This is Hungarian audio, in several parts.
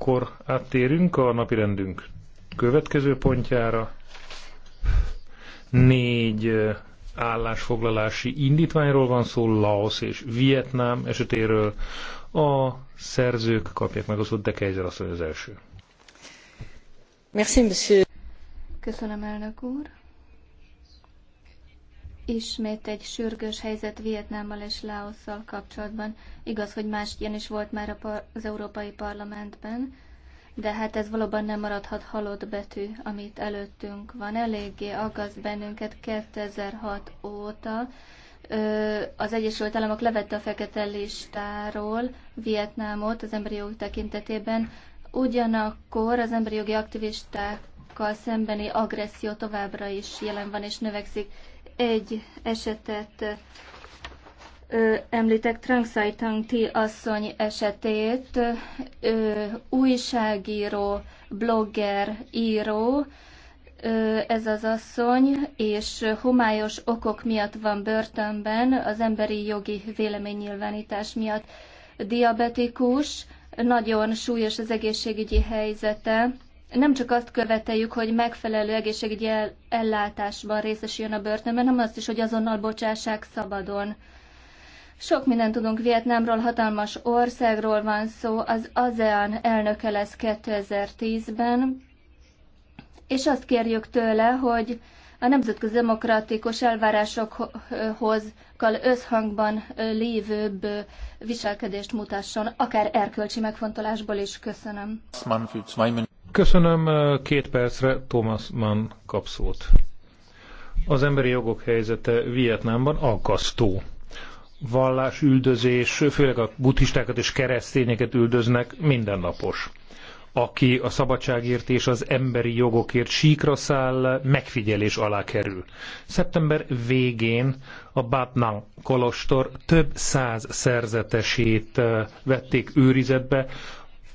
Akkor áttérünk a napirendünk következő pontjára. Négy állásfoglalási indítványról van szó, Laos és Vietnám esetéről. A szerzők kapják meg az szót, de Kejzer az első. Merci, monsieur. Köszönöm, elnök úr ismét egy sürgős helyzet Vietnámmal és Laosszal kapcsolatban. Igaz, hogy más ilyen is volt már az Európai Parlamentben, de hát ez valóban nem maradhat halott betű, amit előttünk van. Eléggé aggaszt bennünket 2006 óta. Az Egyesült Államok levette a fekete listáról Vietnámot az emberi jog tekintetében, ugyanakkor az emberi jogi aktivistákkal szembeni agresszió továbbra is jelen van és növekszik egy esetet ö, említek Trangsai Tangti asszony esetét, ö, újságíró, blogger, író, ö, ez az asszony, és homályos okok miatt van börtönben, az emberi jogi véleménynyilvánítás miatt diabetikus, nagyon súlyos az egészségügyi helyzete, nem csak azt követeljük, hogy megfelelő egészségügyi ellátásban részesüljön a börtönben, hanem azt is, hogy azonnal bocsássák szabadon. Sok mindent tudunk Vietnámról, hatalmas országról van szó, az ASEAN elnöke lesz 2010-ben, és azt kérjük tőle, hogy a nemzetközi demokratikus elvárásokhoz összhangban lévőbb viselkedést mutasson, akár erkölcsi megfontolásból is. Köszönöm. Köszönöm két percre, Thomas Mann kapszót. Az emberi jogok helyzete Vietnámban aggasztó. Vallásüldözés, főleg a buddhistákat és keresztényeket üldöznek mindennapos. Aki a szabadságért és az emberi jogokért síkra száll, megfigyelés alá kerül. Szeptember végén a Batnang kolostor több száz szerzetesét vették őrizetbe,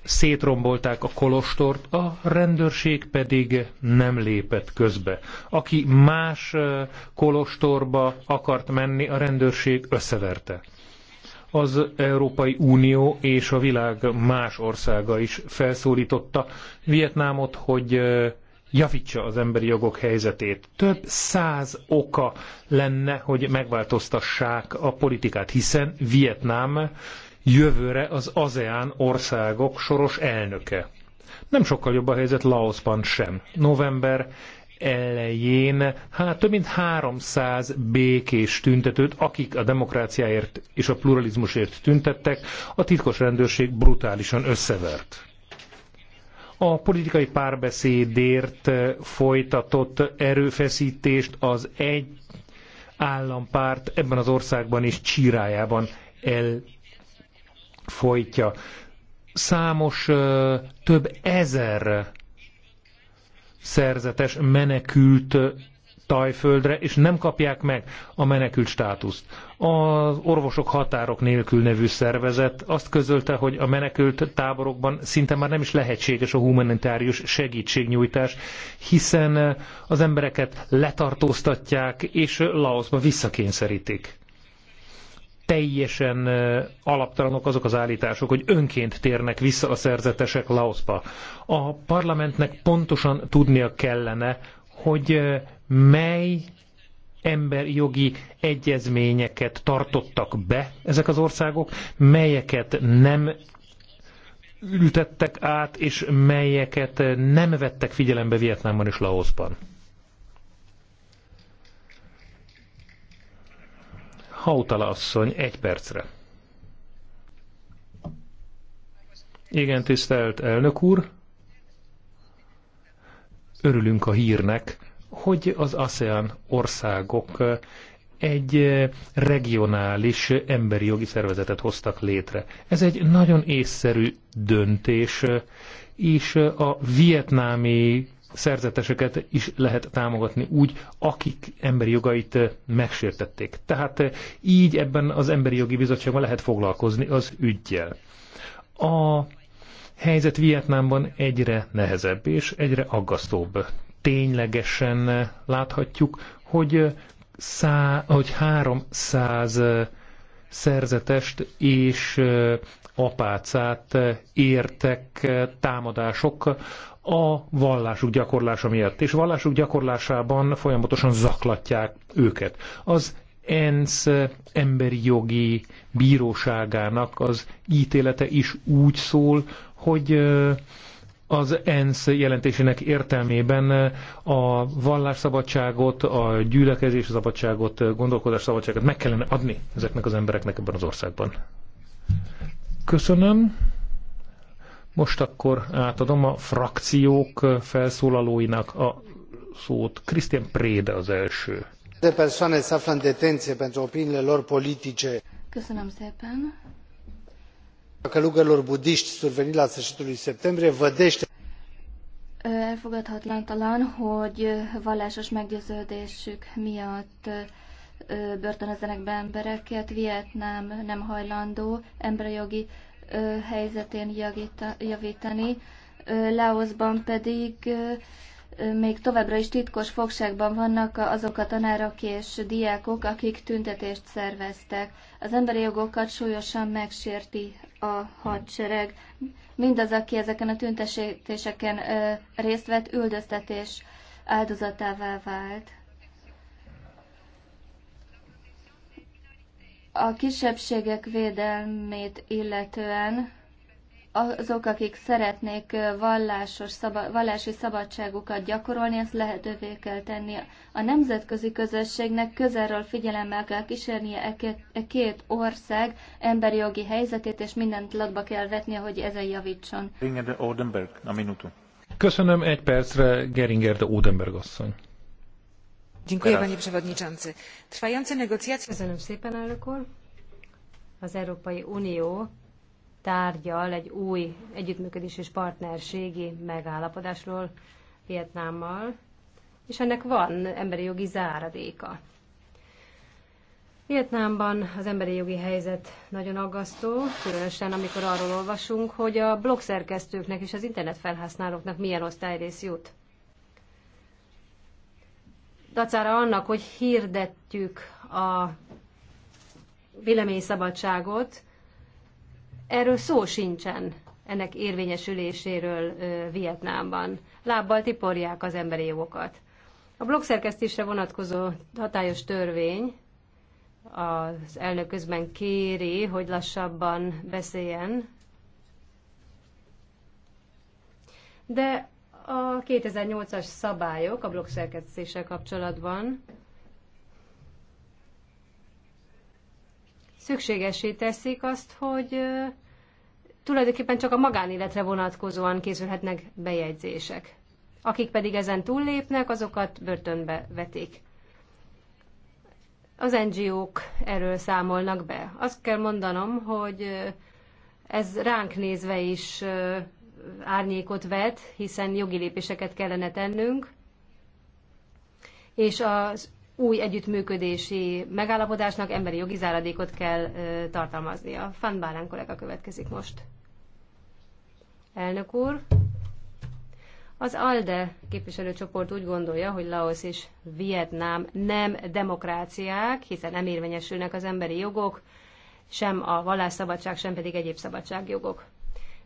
szétrombolták a kolostort, a rendőrség pedig nem lépett közbe. Aki más kolostorba akart menni, a rendőrség összeverte. Az Európai Unió és a világ más országa is felszólította Vietnámot, hogy javítsa az emberi jogok helyzetét. Több száz oka lenne, hogy megváltoztassák a politikát, hiszen Vietnám jövőre az ASEAN országok soros elnöke. Nem sokkal jobb a helyzet Laoszban sem. November elején hát több mint 300 békés tüntetőt, akik a demokráciáért és a pluralizmusért tüntettek, a titkos rendőrség brutálisan összevert. A politikai párbeszédért folytatott erőfeszítést az egy állampárt ebben az országban és csírájában el folytja. Számos több ezer szerzetes menekült Tajföldre, és nem kapják meg a menekült státuszt. Az Orvosok Határok Nélkül nevű szervezet azt közölte, hogy a menekült táborokban szinte már nem is lehetséges a humanitárius segítségnyújtás, hiszen az embereket letartóztatják és Laoszba visszakényszerítik teljesen alaptalanok azok az állítások, hogy önként térnek vissza a szerzetesek Laoszba. A parlamentnek pontosan tudnia kellene, hogy mely emberjogi egyezményeket tartottak be ezek az országok, melyeket nem ültettek át, és melyeket nem vettek figyelembe Vietnámban és Laoszban. Hautala asszony, egy percre. Igen, tisztelt elnök úr. Örülünk a hírnek, hogy az ASEAN országok egy regionális emberi jogi szervezetet hoztak létre. Ez egy nagyon észszerű döntés, és a vietnámi szerzeteseket is lehet támogatni úgy, akik emberi jogait eh, megsértették. Tehát eh, így ebben az Emberi Jogi Bizottságban lehet foglalkozni az ügyjel. A helyzet Vietnámban egyre nehezebb és egyre aggasztóbb. Ténylegesen eh, láthatjuk, hogy, szá, hogy 300 szerzetest és apácát értek támadások a vallásuk gyakorlása miatt, és vallásuk gyakorlásában folyamatosan zaklatják őket. Az ENSZ emberi jogi bíróságának az ítélete is úgy szól, hogy az ENSZ jelentésének értelmében a vallásszabadságot, a gyülekezés szabadságot, gondolkodás szabadságot meg kellene adni ezeknek az embereknek ebben az országban. Köszönöm. Most akkor átadom a frakciók felszólalóinak a szót. Krisztián Préde az első. De persoane se află în detenție pentru opiniile lor politice. Köszönöm szépen. A călugărilor budiști surveniți la sfârșitul lui septembrie vădește elfogadhatatlan talán, hogy vallásos meggyőződésük miatt börtönözzenek be embereket. Vietnám nem hajlandó emberjogi helyzetén javítani. Laosban pedig még továbbra is titkos fogságban vannak azok a tanárok és diákok, akik tüntetést szerveztek. Az emberi jogokat súlyosan megsérti a hadsereg. Mindaz, aki ezeken a tüntetéseken részt vett, üldöztetés áldozatává vált. A kisebbségek védelmét illetően azok, akik szeretnék vallásos, szaba, vallási szabadságukat gyakorolni, ezt lehetővé kell tenni. A nemzetközi közösségnek közelről figyelemmel kell kísérnie e két, e két ország emberi jogi helyzetét, és mindent latba kell vetnie, hogy ezen javítson. Geringer de Köszönöm egy percre, Geringer de Odenberg asszony panie przewodniczący! trwające negocjacje. az európai unió tárgyal egy új együttműködési és partnerségi megállapodásról Vietnámmal, és ennek van emberi jogi záradéka. Vietnámban az emberi jogi helyzet nagyon aggasztó, különösen amikor arról olvasunk, hogy a blogszerkesztőknek és az internetfelhasználóknak milyen osztályrész jut dacára annak, hogy hirdettük a véleményszabadságot, erről szó sincsen ennek érvényesüléséről Vietnámban. Lábbal tiporják az emberi jogokat. A blogszerkesztésre vonatkozó hatályos törvény az elnök közben kéri, hogy lassabban beszéljen, de a 2008-as szabályok a blokkszerkesztéssel kapcsolatban szükségesé teszik azt, hogy tulajdonképpen csak a magánéletre vonatkozóan készülhetnek bejegyzések. Akik pedig ezen túllépnek, azokat börtönbe vetik. Az NGO-k erről számolnak be. Azt kell mondanom, hogy ez ránk nézve is árnyékot vet, hiszen jogi lépéseket kellene tennünk, és az új együttműködési megállapodásnak emberi jogi záradékot kell tartalmaznia. Fan Bálán kollega következik most. Elnök úr, az ALDE képviselőcsoport úgy gondolja, hogy Laos és Vietnám nem demokráciák, hiszen nem érvényesülnek az emberi jogok, sem a vallásszabadság, sem pedig egyéb szabadságjogok.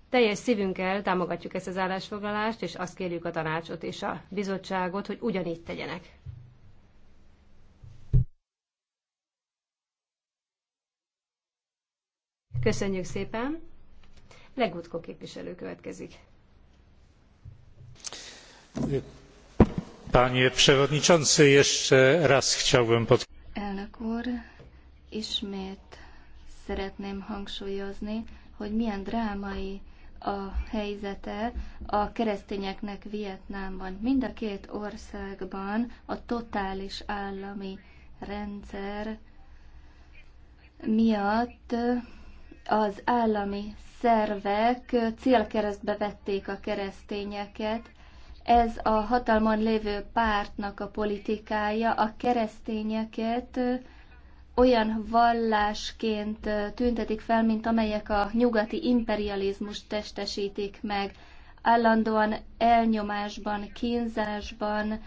Teljes szívünkkel támogatjuk ezt az állásfoglalást, és azt kérjük a tanácsot és a bizottságot, hogy ugyanígy tegyenek. Köszönjük szépen! Legutko képviselő következik. Pányi Przewodniczący, jeszcze raz chciałbym pod... Elnök úr, ismét szeretném hangsúlyozni, hogy milyen drámai a helyzete a keresztényeknek Vietnámban. Mind a két országban a totális állami rendszer miatt az állami szervek célkeresztbe vették a keresztényeket. Ez a hatalmon lévő pártnak a politikája a keresztényeket olyan vallásként tüntetik fel, mint amelyek a nyugati imperializmust testesítik meg. Állandóan elnyomásban, kínzásban,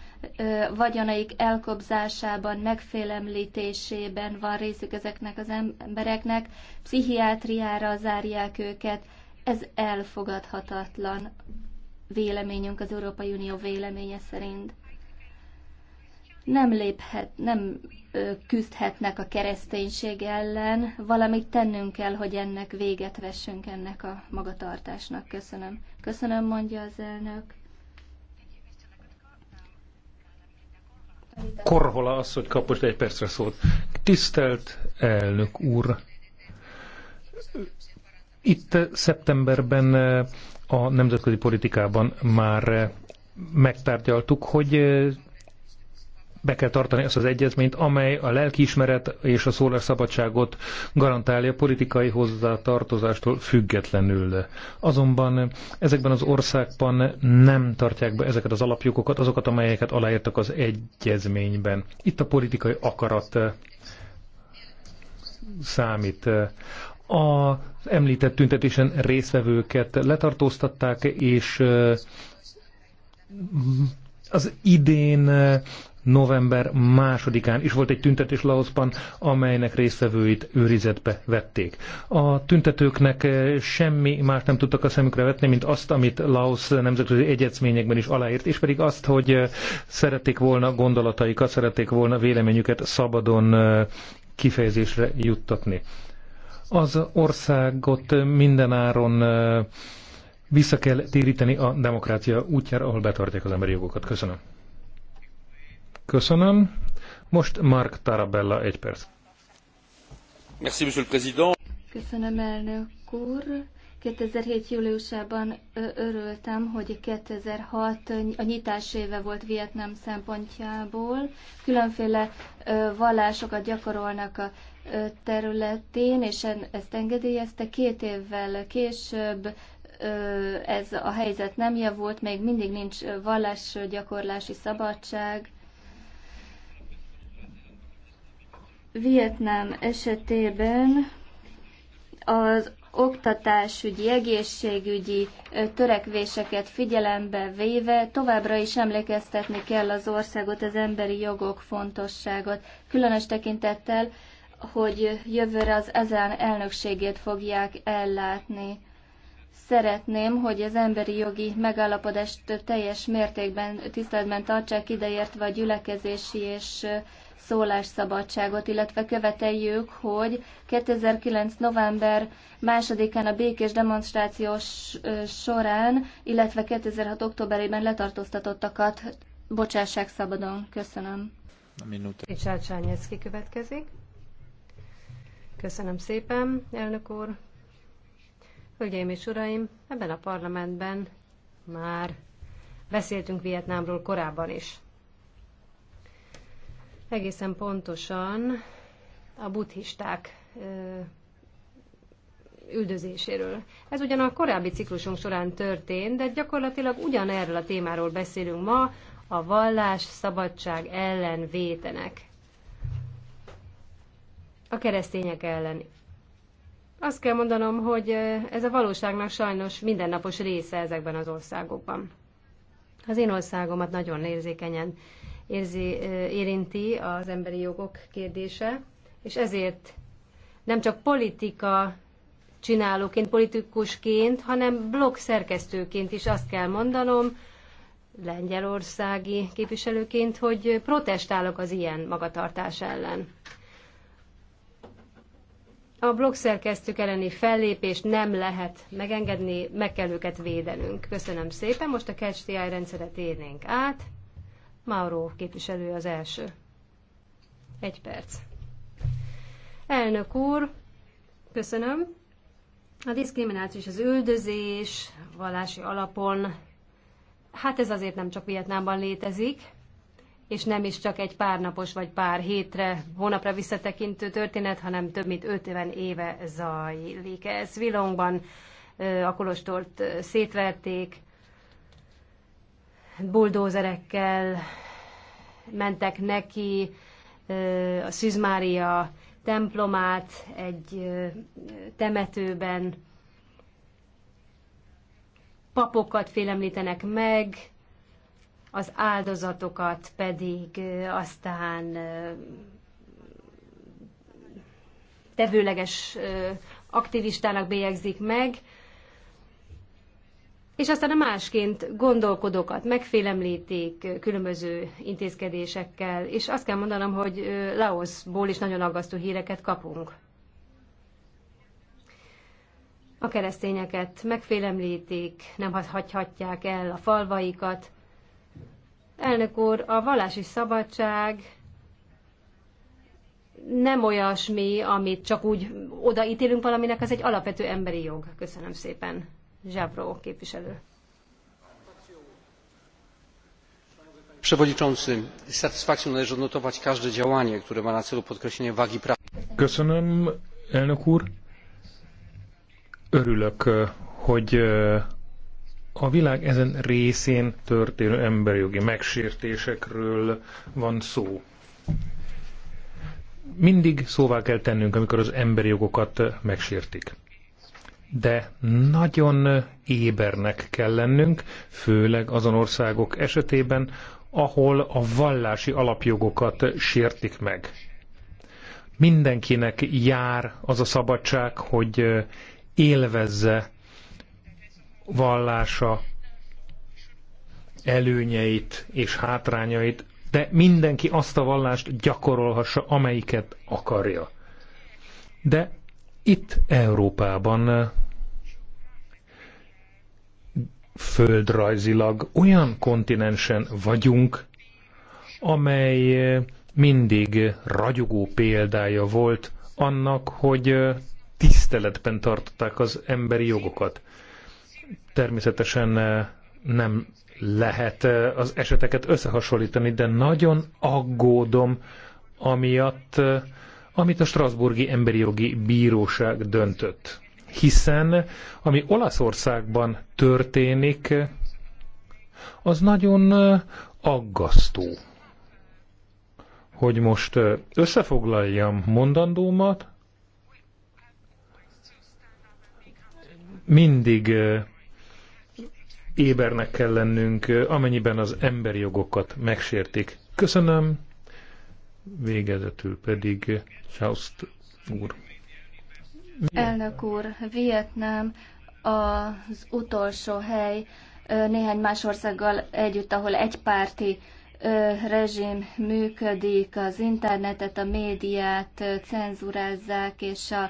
vagyonaik elkobzásában, megfélemlítésében van részük ezeknek az embereknek, pszichiátriára zárják őket. Ez elfogadhatatlan véleményünk az Európai Unió véleménye szerint nem léphet, nem küzdhetnek a kereszténység ellen, valamit tennünk kell, hogy ennek véget vessünk ennek a magatartásnak. Köszönöm. Köszönöm, mondja az elnök. Korhola az, hogy kapott egy percre szólt. Tisztelt elnök úr! Itt szeptemberben a nemzetközi politikában már megtárgyaltuk, hogy be kell tartani azt az egyezményt, amely a lelkiismeret és a szólásszabadságot garantálja a politikai hozzátartozástól függetlenül. Azonban ezekben az országban nem tartják be ezeket az alapjogokat, azokat, amelyeket aláírtak az egyezményben. Itt a politikai akarat számít. Az említett tüntetésen résztvevőket letartóztatták, és az idén november másodikán is volt egy tüntetés Laoszban, amelynek résztvevőit őrizetbe vették. A tüntetőknek eh, semmi más nem tudtak a szemükre vetni, mint azt, amit Laos nemzetközi egyezményekben is aláírt, és pedig azt, hogy eh, szerették volna gondolataikat, szerették volna véleményüket szabadon eh, kifejezésre juttatni. Az országot mindenáron vissza kell téríteni a demokrácia útjára, ahol betartják az emberi jogokat. Köszönöm. Köszönöm. Most Mark Tarabella egy perc. Merci, monsieur le président. Köszönöm, elnök úr. 2007. júliusában örültem, hogy 2006 a nyitás éve volt Vietnám szempontjából. Különféle vallásokat gyakorolnak a területén, és ezt engedélyezte. Két évvel később ez a helyzet nem javult, még mindig nincs vallásgyakorlási szabadság, Vietnám esetében az oktatásügyi, egészségügyi törekvéseket figyelembe véve továbbra is emlékeztetni kell az országot az emberi jogok fontosságot, különös tekintettel, hogy jövőre az ezen elnökségét fogják ellátni. Szeretném, hogy az emberi jogi megállapodást teljes mértékben tiszteletben tartsák ideértve a gyülekezési és szólásszabadságot, illetve követeljük, hogy 2009. november 2-án a békés demonstrációs során, illetve 2006. októberében letartóztatottakat bocsássák szabadon. Köszönöm. A minúta. Richard Sányecki következik. Köszönöm szépen, elnök úr. Hölgyeim és uraim, ebben a parlamentben már beszéltünk Vietnámról korábban is. Egészen pontosan a buddhisták üldözéséről. Ez ugyan a korábbi ciklusunk során történt, de gyakorlatilag ugyanerről a témáról beszélünk ma, a vallás szabadság ellen vétenek. A keresztények ellen. Azt kell mondanom, hogy ez a valóságnak sajnos mindennapos része ezekben az országokban. Az én országomat nagyon érzékenyen érzi, érinti az emberi jogok kérdése, és ezért nem csak politika csinálóként, politikusként, hanem blog szerkesztőként is azt kell mondanom, lengyelországi képviselőként, hogy protestálok az ilyen magatartás ellen. A blogszerkesztők elleni fellépést nem lehet megengedni, meg kell őket védenünk. Köszönöm szépen, most a KCTI rendszeret érnénk át. Mauro képviselő az első. Egy perc. Elnök úr, köszönöm. A diszkrimináció és az üldözés vallási alapon, hát ez azért nem csak Vietnámban létezik, és nem is csak egy pár napos vagy pár hétre, hónapra visszatekintő történet, hanem több mint 50 éve zajlik ez. Vilongban a kolostort szétverték, buldózerekkel mentek neki a Szűzmária templomát egy temetőben. Papokat félemlítenek meg, az áldozatokat pedig aztán tevőleges aktivistának bélyegzik meg, és aztán a másként gondolkodókat megfélemlíték különböző intézkedésekkel, és azt kell mondanom, hogy Laosból is nagyon aggasztó híreket kapunk. A keresztényeket megfélemlíték, nem hagyhatják el a falvaikat. Elnök úr, a vallási szabadság nem olyasmi, amit csak úgy odaítélünk valaminek, az egy alapvető emberi jog. Köszönöm szépen. Zsabró képviselő. Przewodniczący, z satysfakcją należy odnotować każde działanie, które ma na celu podkreślenie wagi praw. Köszönöm, elnök úr. Örülök, hogy eh, a világ ezen részén történő emberjogi megsértésekről van szó. Mindig szóvá kell tennünk, amikor az emberi jogokat megsértik de nagyon ébernek kell lennünk, főleg azon országok esetében, ahol a vallási alapjogokat sértik meg. Mindenkinek jár az a szabadság, hogy élvezze vallása előnyeit és hátrányait, de mindenki azt a vallást gyakorolhassa, amelyiket akarja. De itt Európában földrajzilag olyan kontinensen vagyunk, amely eh, mindig ragyogó példája volt annak, hogy eh, tiszteletben tartották az emberi jogokat. Természetesen eh, nem lehet az eseteket összehasonlítani, de nagyon aggódom amiatt, amit a Strasburgi Emberi Jogi Bíróság döntött hiszen ami Olaszországban történik, az nagyon aggasztó. Hogy most összefoglaljam mondandómat, mindig ébernek kell lennünk, amennyiben az emberi jogokat megsértik. Köszönöm, végezetül pedig Schaust úr. Elnök úr, Vietnám az utolsó hely néhány más országgal együtt, ahol egypárti rezsim működik, az internetet, a médiát cenzurázzák, és a,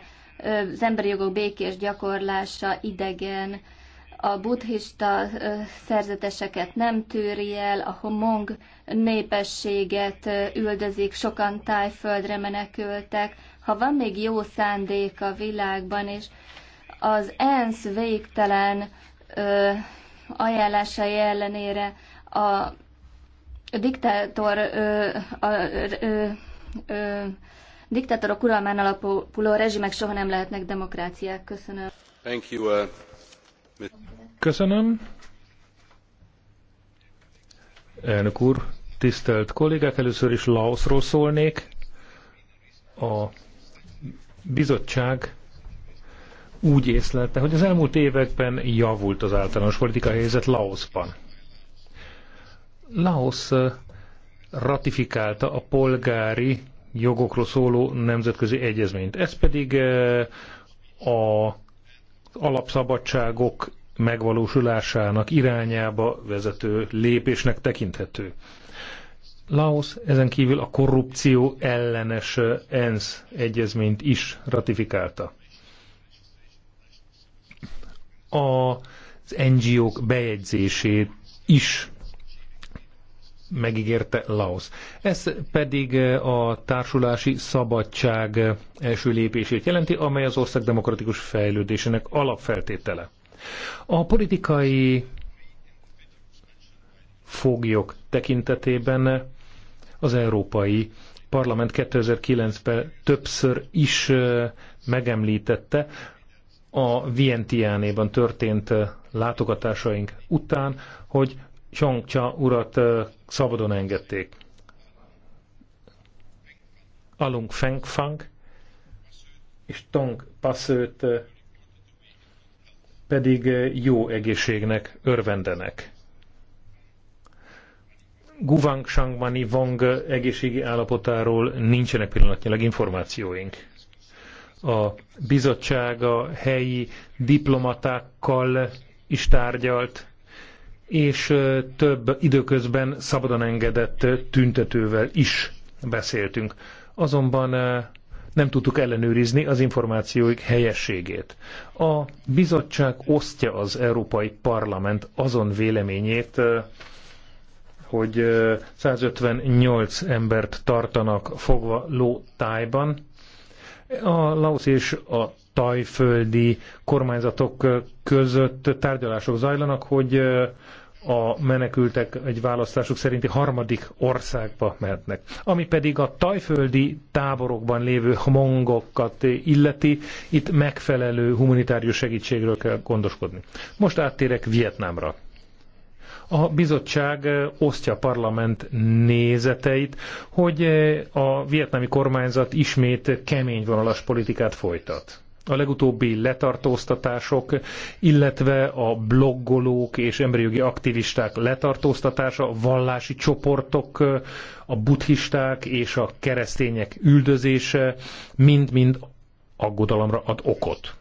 az emberi jogok békés gyakorlása idegen, a buddhista szerzeteseket nem tűri el, a homong népességet üldözik, sokan tájföldre menekültek, ha van még jó szándék a világban, és az ENSZ végtelen ö, ajánlásai ellenére a diktátor ö, a, ö, ö, diktátorok uralmán alapuló rezsimek soha nem lehetnek demokráciák. Köszönöm. Thank you, uh, Köszönöm. Elnök úr, tisztelt kollégák, először is Laosról szólnék. A bizottság úgy észlelte, hogy az elmúlt években javult az általános politikai helyzet Laoszban. Laos ratifikálta a polgári jogokról szóló nemzetközi egyezményt. Ez pedig a alapszabadságok megvalósulásának irányába vezető lépésnek tekinthető. Laos ezen kívül a korrupció ellenes ENSZ egyezményt is ratifikálta. Az NGO-k bejegyzését is megígérte Laos. Ez pedig a társulási szabadság első lépését jelenti, amely az ország demokratikus fejlődésének alapfeltétele. A politikai foglyok tekintetében az Európai Parlament 2009-ben többször is megemlítette a Vientiánéban történt látogatásaink után, hogy Csongcsa urat szabadon engedték. Alung Fengfang és Tong Passőt pedig jó egészségnek örvendenek. Guvangsangmani Wang egészségi állapotáról nincsenek pillanatnyilag információink. A bizottság a helyi diplomatákkal is tárgyalt, és több időközben szabadon engedett tüntetővel is beszéltünk. Azonban nem tudtuk ellenőrizni az információik helyességét. A bizottság osztja az Európai Parlament azon véleményét, hogy 158 embert tartanak fogva tájban. A Laos és a tajföldi kormányzatok között tárgyalások zajlanak, hogy a menekültek egy választásuk szerinti harmadik országba mehetnek. Ami pedig a tajföldi táborokban lévő hmongokat illeti, itt megfelelő humanitárius segítségről kell gondoskodni. Most áttérek Vietnámra. A bizottság osztja a parlament nézeteit, hogy a vietnami kormányzat ismét kemény vonalas politikát folytat. A legutóbbi letartóztatások, illetve a bloggolók és emberi jogi aktivisták letartóztatása, a vallási csoportok, a buddhisták és a keresztények üldözése mind-mind aggodalomra ad okot.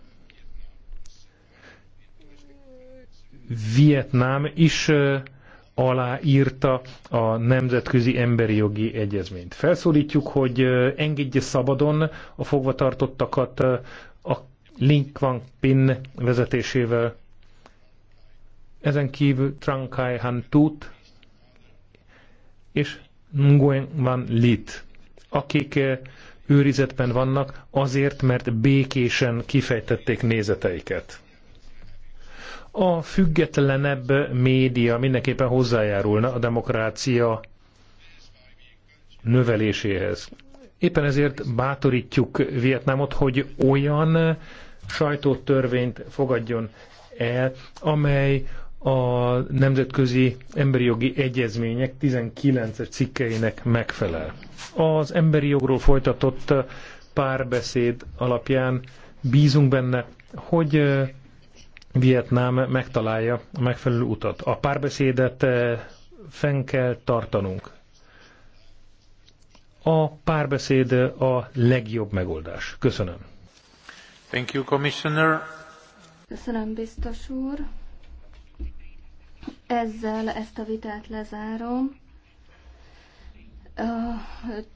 Vietnám is aláírta a Nemzetközi Emberi Jogi Egyezményt. Felszólítjuk, hogy engedje szabadon a fogvatartottakat a Link Wang Pin vezetésével. Ezen kívül Trang Kai Han Tut és Nguyen Van Lit, akik őrizetben vannak azért, mert békésen kifejtették nézeteiket. A függetlenebb média mindenképpen hozzájárulna a demokrácia növeléséhez. Éppen ezért bátorítjuk Vietnámot, hogy olyan sajtótörvényt fogadjon el, amely a nemzetközi emberi jogi egyezmények 19 cikkeinek megfelel. Az emberi jogról folytatott párbeszéd alapján bízunk benne, hogy Vietnám megtalálja a megfelelő utat. A párbeszédet eh, fenn kell tartanunk. A párbeszéd eh, a legjobb megoldás. Köszönöm. Thank you, Commissioner. Köszönöm, biztos úr. Ezzel ezt a vitát lezárom. A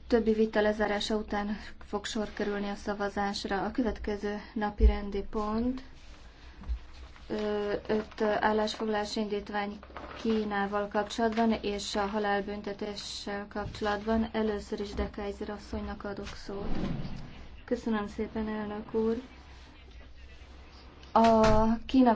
többi vita lezárása után fog sor kerülni a szavazásra. A következő napi rendi pont öt állásfoglalás indítvány Kínával kapcsolatban és a halálbüntetéssel kapcsolatban. Először is Dekájzer asszonynak adok szót. Köszönöm szépen, elnök úr. A Kínával